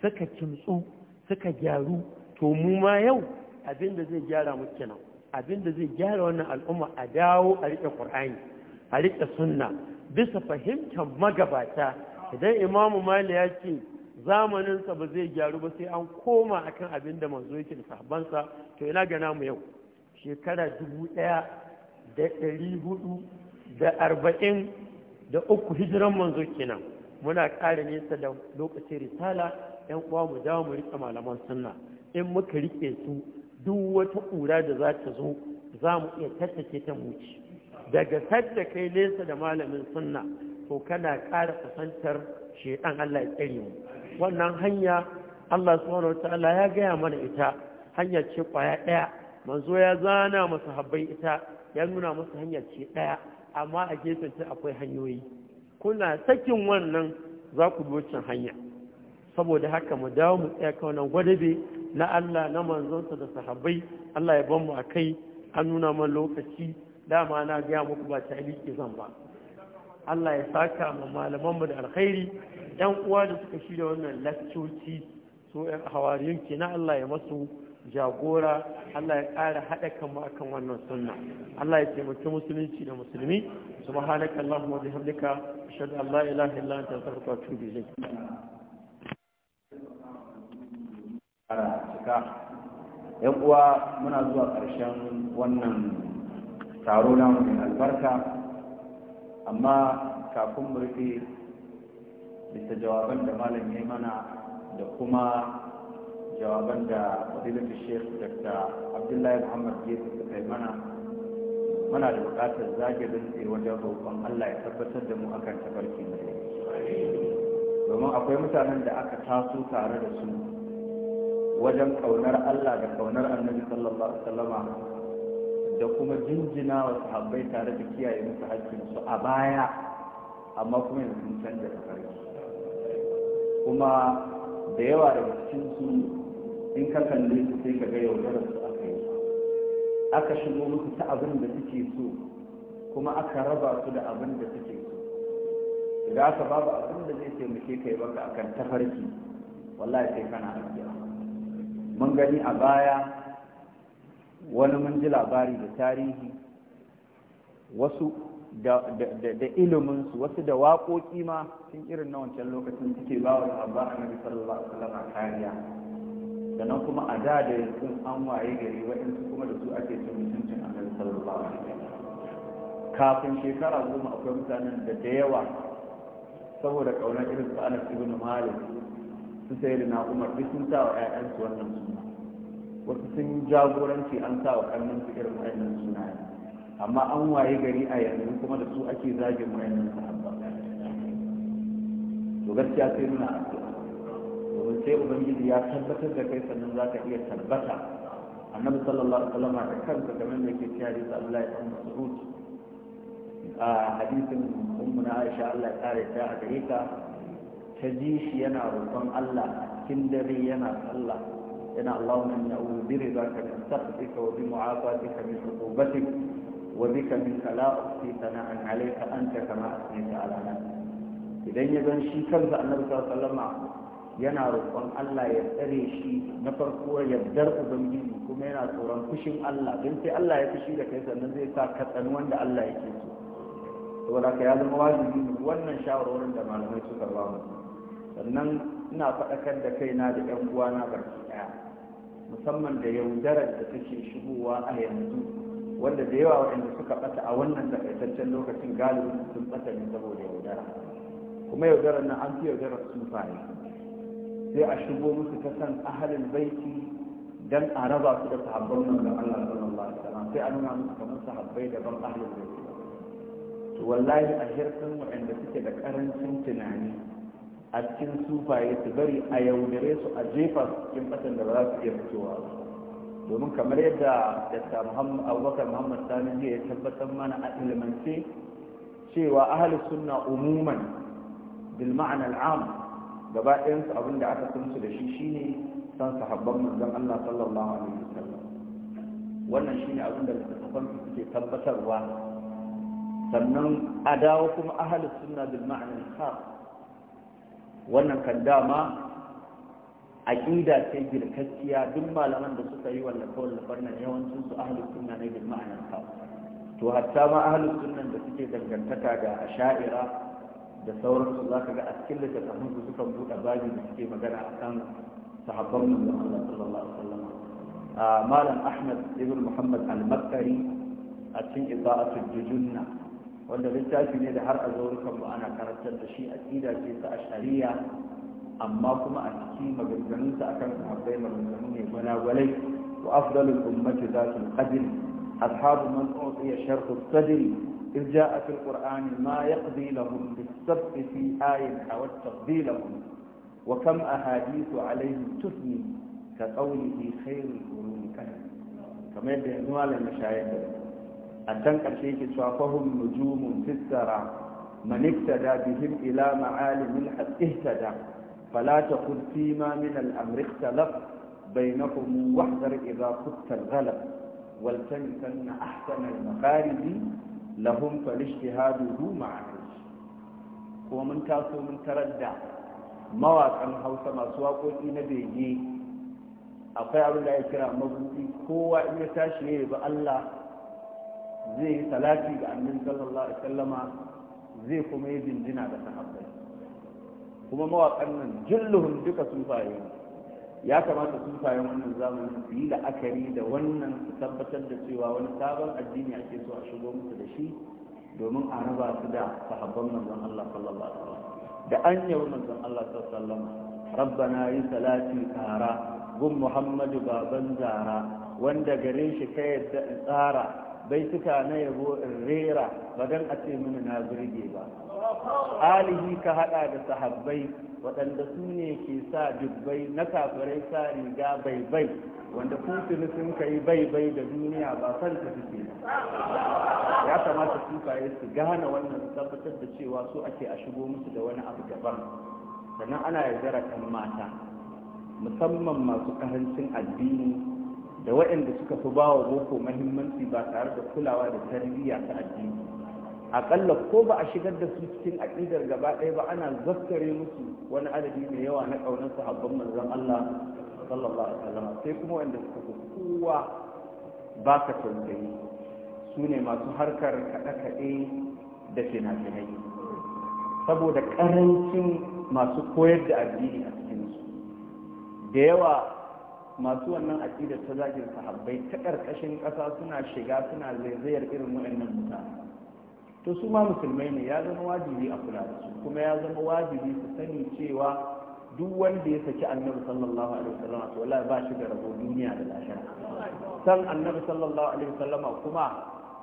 Speaker 3: suka kimtsu suka gyaru to mu ma yau abin da zai gyara mu kenan abin da zai gyara wannan al'umma a dawo a riƙe ƙur'ani a riƙe sunna bisa fahimtar magabata idan imamu mali ya ce zamaninsa ba zai gyaru ba sai an koma akan abin da manzo yake da sahabansa to ina ga namu yau shekara dubu ɗaya da ɗari hudu da arba'in da uku hijiran manzo kenan muna ƙara nesa da lokacin risala yan uwa mu dawo mu riƙe malaman sunna in muka riƙe su duk wata ƙura da za ta zo za mu iya tattake ta muci daga sadda kai nesa da malamin sunna to kana ƙara kusantar shedan Allah ya tsare mu wannan hanya Allah subhanahu wataala ya gaya mana ita hanyar ce kwaya ɗaya manzo ya zana masa habbai ita ya nuna masa hanyar ce ɗaya amma a gefen ta akwai hanyoyi kuna sakin wannan za ku bi wancan hanya saboda haka mu dawo mu tsaya kan wannan gwadabe na Allah na manzonsa da sahabbai Allah ya ban mu a kai an nuna mana lokaci dama na gaya muku ba ta ke zan ba Allah ya saka ma malamanmu da alkhairi yan uwa da suka shirya wannan lakcoci so yan hawariyun na Allah ya masu jagora Allah ya ƙara haɗa kan akan wannan sunna Allah ya taimaki musulunci da musulmi subhanaka allahumma wa bihamdika ashhadu an la ilaha illa anta astaghfiruka wa atubu ilayk
Speaker 1: yan uwa muna zuwa ƙarshen wannan taro na albarka amma kafin mu rufe bisa jawaban da malam ya mana da kuma jawaban da fadilatu sheikh dr abdullahi muhammad gefe suka yi mana muna da bukatar zage dantse wajen roƙon allah ya tabbatar da mu akan tafarki mai domin akwai mutanen da aka taso tare da su wajen ƙaunar allah da ƙaunar annabi sallallahu alaihi wasallama da kuma jinjina wa sahabbai tare da kiyaye musu su a baya amma kuma yanzu sun canza tafarki kuma da yawa daga cikin su in ka kalle su sai ka ga yaudarar su aka yi aka shigo musu ta abin da suke so kuma aka raba su da abin da suke so da aka babu abin da zai taimake kai baka akan tafarki wallahi sai kana addu'a mun gani a baya wani mun ji labari da tarihi wasu da iliminsu wasu da waƙoƙi ma sun irin na wancan lokacin suke ba wa sahabba a nabi sallallahu alaihi wasallam kariya sannan kuma a da da yankin an waye gari waɗansu kuma da su ake cin mutuncin nabi sallallahu alaihi wasallam kafin shekara goma akwai mutanen da da yawa saboda ƙaunar irin su anas ibn malik su sai na umar duk sun sa wa 'ya'yansu wannan su wasu sun jagoranci an sa wa ƙarnin su irin wayannan sunaye amma an waye gari a yanzu kuma da su ake zagin wayannan sahabba to gaskiya sai muna addu'a domin sai ubangiji ya tabbatar da kai sannan za ka iya tabbata annabi sallallahu alaihi wasallam da kansa game da yake cewa da Allah ya Mas'ud a hadisin ummu na Aisha Allah ya kare ta a gare ta ji shi yana roƙon Allah cikin dare yana sallah لنا اللهم إنا أعوذ برضاك من سخطك وبمعافاتك من عقوبتك وبك منك لا أحصي ثناء عليك أنت كما أثنيت على نفسك idan ya zan shi kansa annabi sallama yana roƙon Allah ya tsare shi na farko yardar ubangiji kuma yana tsoron fushin Allah don sai Allah ya fushi da kai sannan zai sa ka wanda Allah yake so saboda ka ya zama wajibi ne wannan shawarwarin da malamai suka ba mu sannan ina faɗakar da kaina da yan uwana barki musamman da yaudarar da take shigowa a yanzu wanda da yawa waɗanda suka ɓata a wannan takaitaccen lokacin galibin sun ɓata ne saboda yaudara kuma yaudarar nan an fi yaudarar sufaye sai a shigo musu ta san ahalin baiti dan a raba su da sahabban manzon Allah sallallahu alaihi wasallam sai a nuna musu kamar sahabbai daban ahalin baiti to wallahi a hirkin waɗanda suke da ƙarancin tunani a cikin sufaye su bari a yaudare su a jefa cikin ƙasar da ba za su iya fitowa domin kamar yadda dakta abubakar muhammad sani ya tabbatar mana a ilimance cewa ahli sunna umuman bil ma'ana al'am gaba ɗayansu abin da aka san su da shi shine san sahabban manzon Allah sallallahu alaihi wasallam wannan shine abin da littattafan su suke tabbatarwa sannan a dawo kuma ahli sunna bil ma'ana al wannan kan dama aƙida ce girkakkiya duk malaman da suka yi wallafa wallafar nan yawancin su ahlus sunna ne bil ma'anar ta to hatta ma ahlus da suke dangantaka da asha'ira da sauransu zaka ga a cikin littattafan su suka buɗe babi da suke magana kan sahabban da Allah sallallahu alaihi wasallam ah, malam Ahmad ibn Muhammad al-Makkari a cikin Ibadatul Jujunna wanda littafi ne da har a zaurukan ba ana karantar da shi aqida ce ta ash'ariya amma kuma a ciki maganganun sa akan sahabbai maganganu ne gwalagwalai wa afdalul ummati zatul qadr ashabu man utiya sharhu sadri إذ جاء في القرآن ما يقضي لهم بالسبق في آية أو التقضي لهم وكم أحاديث عليهم تثني كقوله خير القرون كذا كما يدعي نوال المشايخ a can ƙarshe yake cewa fahim nujumun fissara man iktada bihim ila ma'alimin ihtada fala taqul fi ma min al-amri ikhtalaf bainahum wahdar idha kunta al-ghalab wal tankanna ahsana al-makharij lahum falishtihaduhu ko mun taso mun tarar da mawaƙan Hausa masu waƙoƙi na bege akwai abin da ya kira mabuɗi kowa in ya tashi ne ba Allah zai yi salati ga annabi sallallahu alaihi wasallama zai kuma yi jinjina da sahabbai kuma mawaƙan nan julluhun duka sufaye ya kamata sufayen wannan zamanin su yi la'akari da wannan su tabbatar da cewa wani sabon addini ake so a shigo musu da shi domin a raba su da sahabban manzon Allah sallallahu alaihi wasallam da an yawo manzon Allah sallallahu alaihi wasallam rabbana yi salati tara gun muhammadu baban zara wanda gare shi ka yadda tsara baituka na yabo in rera ba don a ce mini na birge ba alihi ka hada da sahabbai waɗanda su ne ke sa dubbai na kafirai sa riga baibai wanda kutuni sun kai bai-bai da duniya ba san ta suke ya kamata sufaye su gane wannan tabbatar da cewa su ake a shigo musu da wani abu daban sannan ana yardara kan mata musamman masu karancin addini da waɗanda suka fi ba wa boko mahimmanci ba tare da kulawa da tarbiyya ta addini aƙalla ko ba a shigar da su cikin aƙidar gaba ɗaya ba ana zaskare musu wani adadi mai yawa na ƙaunar sahabban manzon Allah sallallahu alaihi wasallam sai kuma waɗanda suka fi kowa ba ka tausayi su ne masu harkar kaɗe-kaɗe da fina-finai saboda
Speaker 2: ƙarancin masu koyar da
Speaker 1: addini a cikinsu da yawa masu wannan aƙida ta zagin sahabbai ta ƙarƙashin ƙasa suna shiga suna zaizayar irin waɗannan mutane to su ma musulmai ne ya zama wajibi a kula da su kuma ya zama wajibi su sani cewa duk wanda ya saki annabi sallallahu alaihi to wallahi ba shi da rabo duniya da lahira san annabi sallallahu alaihi wasallam kuma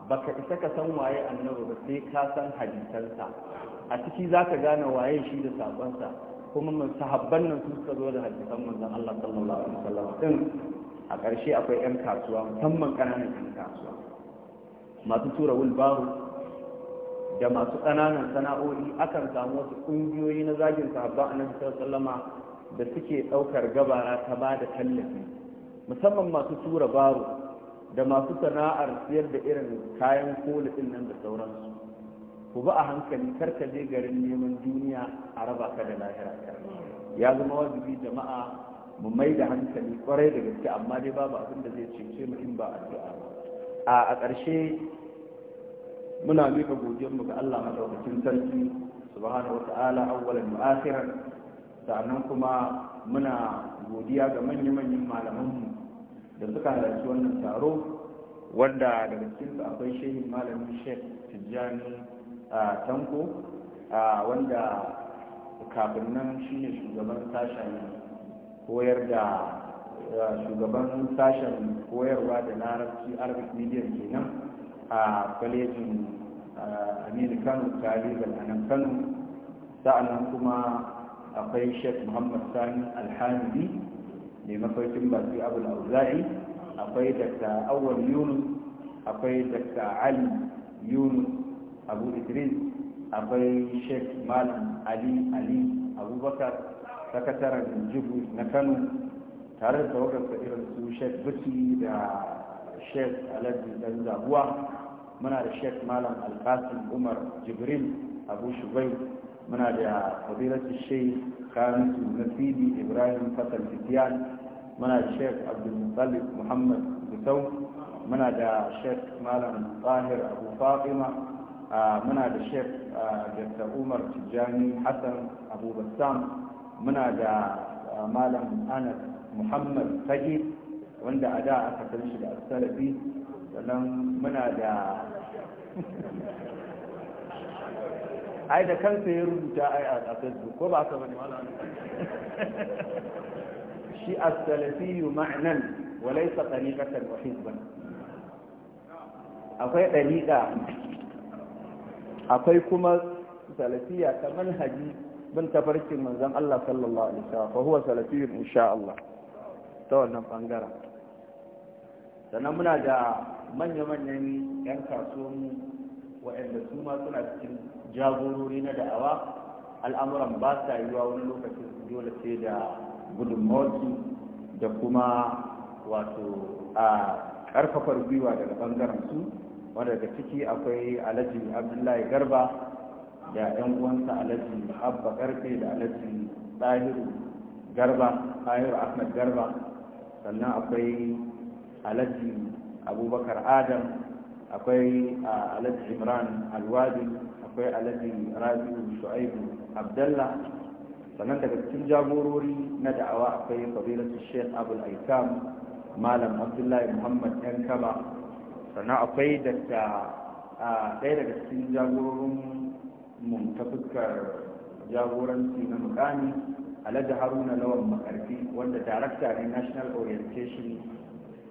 Speaker 1: baka isa ka san waye annabi ba sai ka san hadisansa a ciki zaka gane waye shi da sabonsa. kuma mun sahabban nan sun suka zo da hadisan manzon Allah sallallahu alaihi wasallam din a ƙarshe akwai ƴan kasuwa musamman ƙananan ƴan kasuwa masu tura wulbaru da masu ƙananan sana'o'i akan samu wasu ƙungiyoyi na zagin sahabba a nan sallama da suke ɗaukar gabara ta ba da tallafi musamman masu tura baro da masu sana'ar siyar da irin kayan koli ɗin nan da sauransu ku ba a hankali kar je garin neman duniya a raba ka da lahira ya zama wajibi jama'a mu mai da hankali kwarai da gaske amma dai babu abin da zai cece mu in ba addu'a ba a ƙarshe muna mika godiyar mu ga Allah madaukakin sarki subhanahu Ta'ala awwalan wa akhiran sannan kuma muna godiya ga manya-manyan malaman mu da suka halarci wannan taro wanda daga cikin akwai shehin malamin Sheikh Tijjani a tanko wanda kafin nan shi ne shugaban sashen koyar da shugaban sashen koyarwa da larabci arabic ke kenan a kwalejin aminu kano talibar a nan kano sa'annan kuma akwai sheikh muhammad sani alhamidi mai mafarkin baki abu auza'i akwai dr awwal yunus akwai dr ali yunus abu idris akwai sheikh malam ali ali abubakar sakataren jibu na kano tare da tawagarsa irin su sheikh buki da sheikh alhaji dan zabuwa muna da sheikh malam alkasim umar jibril abu shubai muna da fadilatu sheikh kamisu nasibi ibrahim fatal fitiyan muna da sheikh abdulmutallib muhammad gusau muna da sheikh malam tahir abu fatima muna da shek dr umar tijjani hassan abubassam muna da malam anas muhammad fage wanda a da aka san shi da salafi sannan muna da ai da kansa ya rubuta ai a facebook ko ba ka bane
Speaker 4: shi as-salafi
Speaker 1: ma'nan wa laysa tariqatan wa hizban akwai dariqa
Speaker 2: akwai kuma
Speaker 1: salafiya ta manhaji bin tafarkin manzon Allah sallallahu alaihi wasallam fa huwa salafiyun insha Allah ta wannan bangaren sannan muna da manya-manyan 'yan kasuwanmu waɗanda su ma suna cikin jagorori na da'awa al'amuran ba sa yiwa wani lokacin dole sai da gudunmawarsu da kuma wato a ƙarfafar gwiwa daga bangaren su wanda daga ciki akwai alhaji abdullahi garba da yan uwansa alhaji abba karfe da alhaji ɗahiru garba ɗahiru ahmad garba sannan akwai alhaji abubakar adam akwai alhaji imran alwadi akwai alhaji rabi'u shu'aibu abdallah sannan daga cikin jagorori na da'awa akwai fadilatu sheikh abul malam abdullahi muhammad yan kaba sannan akwai da a ɗaya daga cikin jagororin mun ta fuskar jagoranci na mukami alhaji haruna lawan makarfi wanda darakta ne national orientation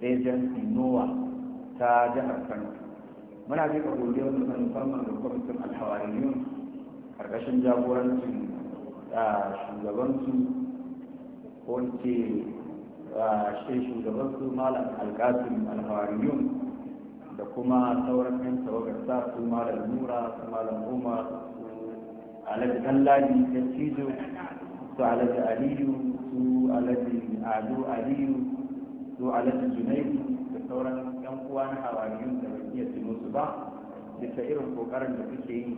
Speaker 1: agency nowa ta jihar kano muna ka gobe wani mu farman da kwamitin alhawariyun karkashin jagorancin shugabansu ko ce shugabansu malam alkasim yun da kuma sauran yan tawagarsa su malam nura su malam umar su alhaji kallani da cizo su alhaji aliyu su alhaji ado aliyu su alhaji junaidu da sauran yan uwa na hawariyun da bai iya su su ba bisa irin kokarin da suke yi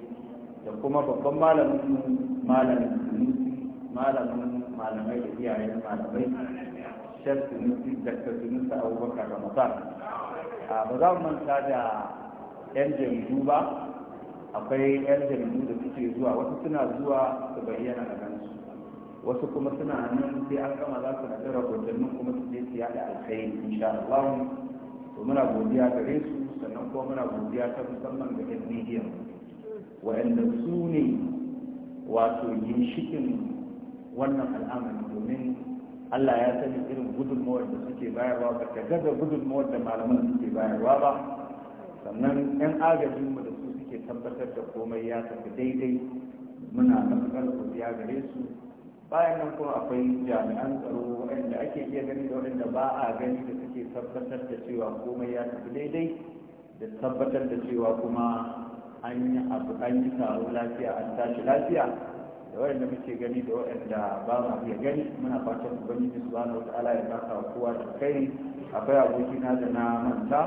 Speaker 1: da kuma babban malamin malamin sunusi malamin malamai da iyayen malamai shek sunusi da sunusa abubakar ramadan ba za mu manta da yan jaridu ba akwai yan jaridu da suke zuwa wasu suna zuwa su bayyana a kansu wasu kuma suna nan sai an gama za su naɗi rahotannin kuma su je su yaɗa alkai insha Allah to muna godiya gare su sannan kuma muna godiya ta musamman ga yan bidiyon wa'anda su ne wato ginshikin wannan al'amari domin Allah ya sani irin gudunmawar da suke bayarwa ba ta gaza gudunmawar da malaman suke bayarwa ba sannan 'yan agajinmu da su suke tabbatar da komai ya tafi daidai muna matuƙar godiya gare su bayan nan kuma akwai jami'an tsaro waɗanda ake iya gani da waɗanda ba a gani da suke tabbatar da cewa komai ya tafi daidai da tabbatar da cewa kuma an yi abu an yi taro lafiya an tashi lafiya da da muke gani da da ba ma iya gani muna fatan ubangiji subhanahu wata'ala ya baka kowa da kai akwai abokina da na manta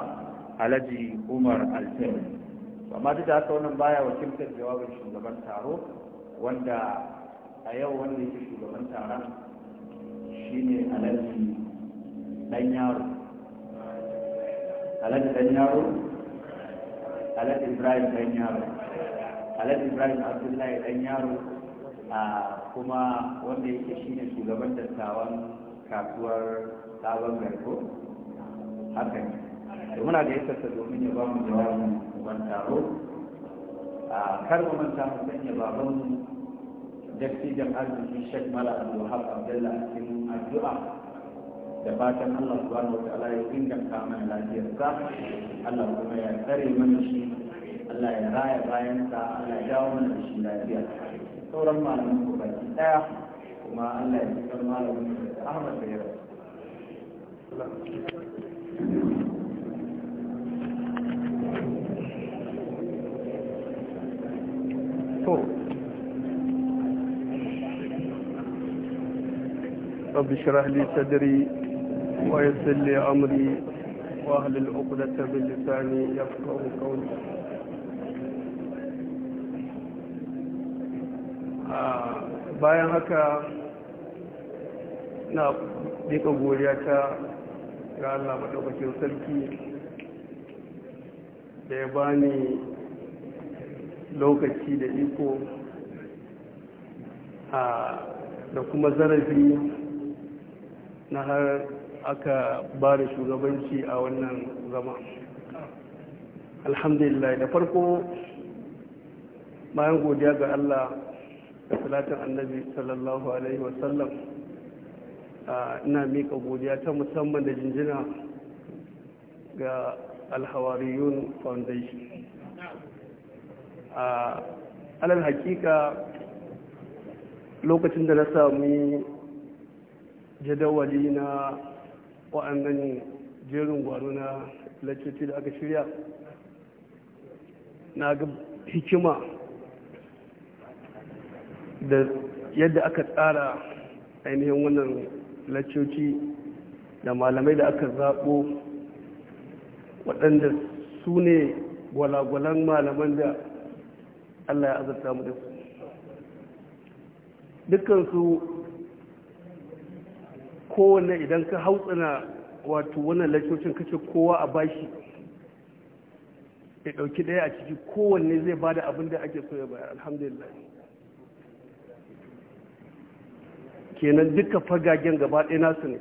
Speaker 1: alhaji umar alfahim amma duk da haka wannan baya wakiltar jawabin shugaban taro wanda a yau wanda yake shugaban taron shine alhaji dan yaro alhaji dan yaro alhaji ibrahim dan yaro alhaji ibrahim abdullahi dan yaro kuma wanda yake ne shugaban dattawan kasuwar sabon garko haka ne da muna da yasa domin ya ba mu jawabin ban taro a kar mu manta mu sanya baban dattijan arziki shek mala abu wahab abdullah cikin addu'a da fatan Allah subhanahu wataala ya inganta mana lafiyarsa Allah kuma ya tsare mana shi Allah ya raya bayansa Allah ya dawo mana shi lafiya طول المال من قبل الفتاح وما الا المال من قبل الفتاح
Speaker 2: رب اشرح لي صدري ويسر لي امري واهل العقدة بلساني يفقه قولي bayan haka na dika goriya ta ga Allah maɗaukakin sarki da ya bani lokaci da iko da kuma zarafi na har aka ba da shugabanci a wannan zama alhamdulillah da farko bayan godiya ga Allah da salatin annabi sallallahu alaihi wasallam ina miƙa godiya ta musamman da jinjina ga alhawariyun foundation alal hakika lokacin da na sami jadawali na wa'annan jerin gwaro na lacoci da aka shirya na ga hikima da yadda aka tsara ainihin wannan lacoci da malamai da aka zaɓo waɗanda su ne gwalagwalan malaman da allah ya azarta mu da su dukansu kowane idan ka hautsana wato wannan lacocin kace kowa a bashi ya ɗauki ɗaya a ciki kowanne zai bada abin da ake so ya bayar alhamdulillah kenan duka fagagen gaba ɗaya nasu ne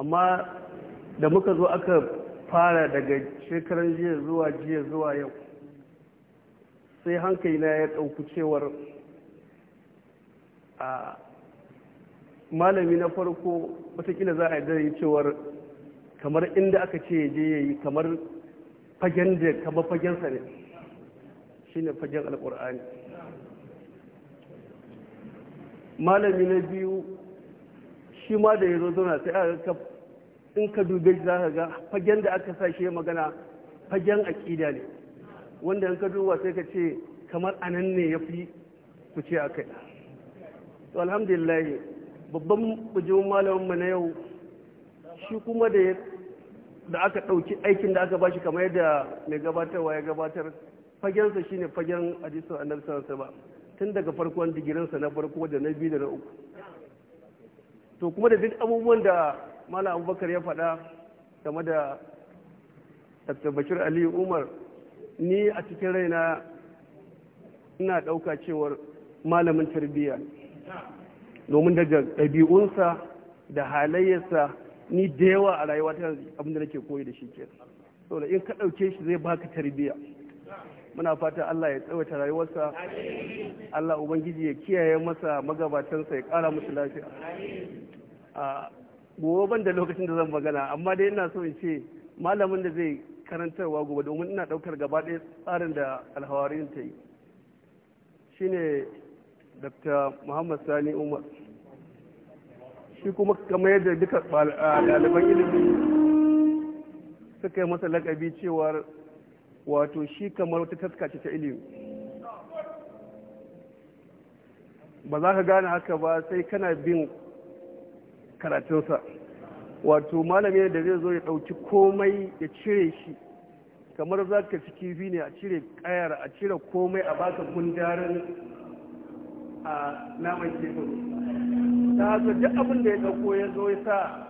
Speaker 2: amma da muka zo aka fara daga shekaran jiya zuwa jiya zuwa yau sai hankali na ya ɗauku cewar a malami na farko watakila za a yi cewar kamar inda aka ce ya je yayi kamar fagen da kamar fagensa ne shine fagen alƙur'ani malami na biyu shi ma da ya zo zauna sai a ka in ka dube za ka ga fagen da aka sa shi magana fagen aƙida ne wanda in ka duba sai ka ce kamar anan ne ya fi ku ce akai to alhamdulillah babban bujimin malamin mu na yau shi kuma da da aka ɗauki aikin da aka ba shi kamar yadda mai gabatarwa ya gabatar fagensa shine fagen hadisin annabi sallallahu alaihi wasallam tun daga farkon digirinsa na farko da na biyu da na uku to kuma da duk abubuwan da malam abubakar ya faɗa game da dr bashir aliyu umar ni a cikin raina ina ɗauka cewar malamin tarbiyya domin daga ɗabi'unsa da halayyarsa ni da yawa a rayuwa ta abinda nake koyi da shi ke saboda in ka ɗauke shi zai baka tarbiyya muna fata Allah ya tsawaita rayuwarsa Allah ubangiji ya kiyaye masa magabatansa ya kara musu lafiya a gobe ban da lokacin da zan magana amma dai ina so in ce malamin da zai karantarwa gobe domin ina daukar gaba ɗaya tsarin da alhawarin ta yi shine dr muhammad sani umar shi kuma kamar yadda duka ɗaliban ilimi suka yi masa lakabi cewar wato shi kamar wata taska ta ilimi ba za ka gane haka ba sai kana bin karatunsa wato malami da zai zo ya ɗauki komai ya cire shi kamar za ka ci kifi ne a cire kayar a cire komai a baka kundarin a naman kifin ta haka duk abin da ya ɗauko ya zo ya sa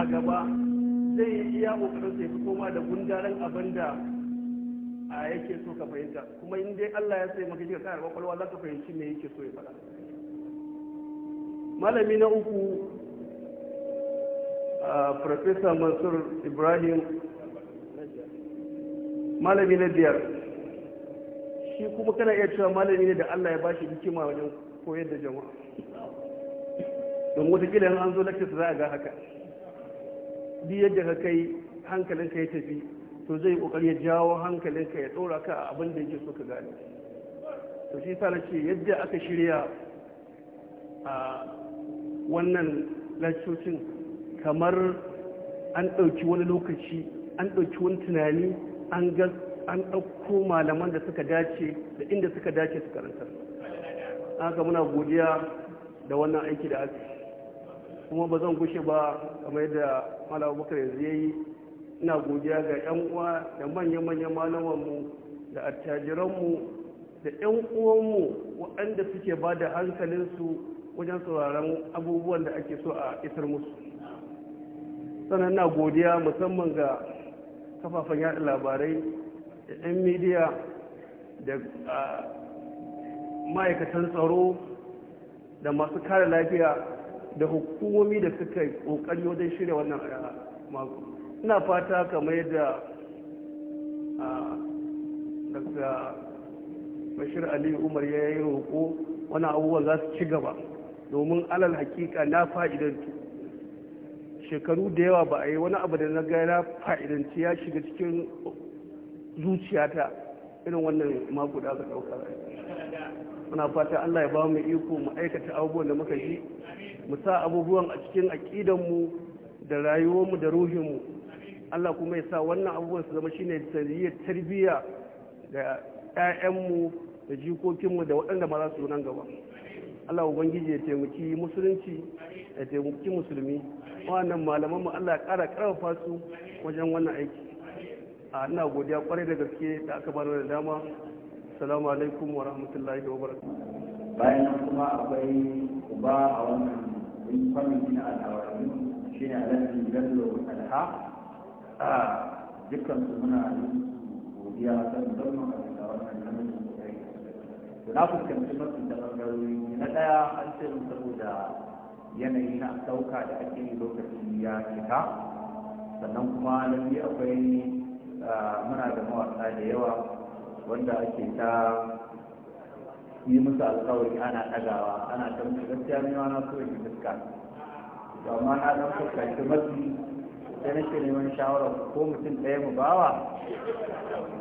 Speaker 2: a gaba sai yi iya kokarin sai fi koma da gundaren abin da a yake so ka fahimta kuma in dai Allah ya sai maka ka kana kwakwalwa za ka fahimci me yake so ya faɗa malami na uku Profesa Mansur Ibrahim malami na biyar shi kuma kana iya cewa malami ne da Allah ya bashi hikima wajen koyar da jama'a don wata an zo lakcin za a ga haka duk yadda ka kai hankalinka ya tafi to zai kokari ya jawo hankalinka ya dora ka a abin da yake so ka gane to shi sa ce yadda aka shirya a wannan lacocin kamar an ɗauki wani lokaci an ɗauki wani tunani an an ɗauko malaman da suka dace da inda suka dace su karanta haka muna godiya da wannan aiki da aka kuma ba zan gushe ba kamar yadda malawa bakar yanzu ya yi ina godiya ga 'yan uwa da manya-manyan malamanmu da attajiranmu da 'yan uwanmu waɗanda suke ba da hankalinsu wajen sauraron abubuwan da ake so a isar musu sannan na godiya musamman ga kafafen yada labarai da 'yan midiya da ah, ma'aikatan tsaro da masu kare lafiya da hukumomi da suka yi kokari wajen shirya wannan eh, mako ina fata kamar yadda ah, daga bashir ali umar ya yi roƙo wani abubuwan za su ci gaba domin alal hakika na fa'idantu shekaru da yawa ba a yi wani abu da na ga na fa'idanci ya shiga cikin zuciyata irin wannan mako da aka ɗauka muna fata allah ya ba mu iko mu aikata abubuwan da muka yi. mu sa abubuwan a cikin aƙidanmu da rayuwarmu da ruhinmu Allah kuma ya sa wannan abubuwan su zama shine tarbiyyar tarbiyya ga 'ya'yanmu da jikokinmu da waɗanda ma za su nan gaba Allah ubangiji ya taimaki musulunci ya taimaki musulmi wannan malaman mu Allah ya ƙara ƙarfafa su wajen wannan aiki a ina godiya kwarai da gaske da aka bani da dama assalamu alaikum wa rahmatullahi wa barakatuh bayan kuma
Speaker 1: akwai uba a wannan من kwamitin al'awari shi ne alaƙi gallo alha a dukkan su muna godiya kan zama a da wannan lamarin da ya yi na fuskanci mafi da ɓangarori na ɗaya an ce mun saboda yanayi na sauka da ake yi lokaci ya cika sannan kuma lalle akwai muna da mawaƙa da yawa wanda ake ta yi musu alkawari ana ɗagawa ana ta gaskiya ne na so yi fuska to amma na ɗan fuskanci mafi sai nake neman shawarar ko mutum ɗaya mu bawa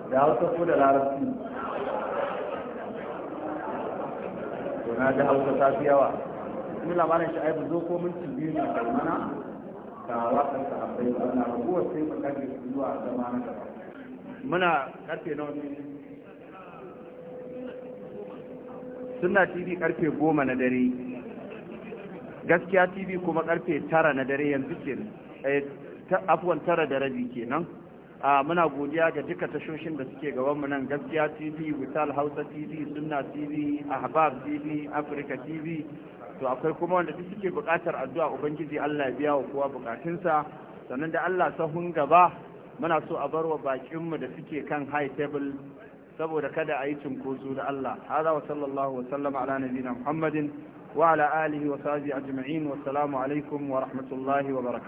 Speaker 4: da hausa ko da larabci to na ji hausa ta fi yawa
Speaker 1: ni labarin shi aibu zo ko minti biyu ne a mana ka wasan ka abai ba na sai mu karfe zuwa
Speaker 4: zama na gaba
Speaker 1: muna karfe nawa ne suna tv karfe goma na dare gaskiya tv kuma karfe tara na dare yanzu ke eh, afuwan tara da rabi kenan a ah, muna godiya ga duka tashoshin da suke gabanmu nan gaskiya tv Wital, hausa tv sunna tv ahbab tv africa tv to akwai kuma wanda duk suke buƙatar addu'a ubangiji allah ya biya wa kowa buƙatunsa sannan da allah sahun gaba muna so a bar wa bakinmu da suke kan high table saboda kada a yi cinkoso da Allah hada wa sallallahu wa sallama ala nabiyina Muhammadin wa ala alihi wa sahbihi ajma'in wa assalamu alaikum wa rahmatullahi wa barakatuh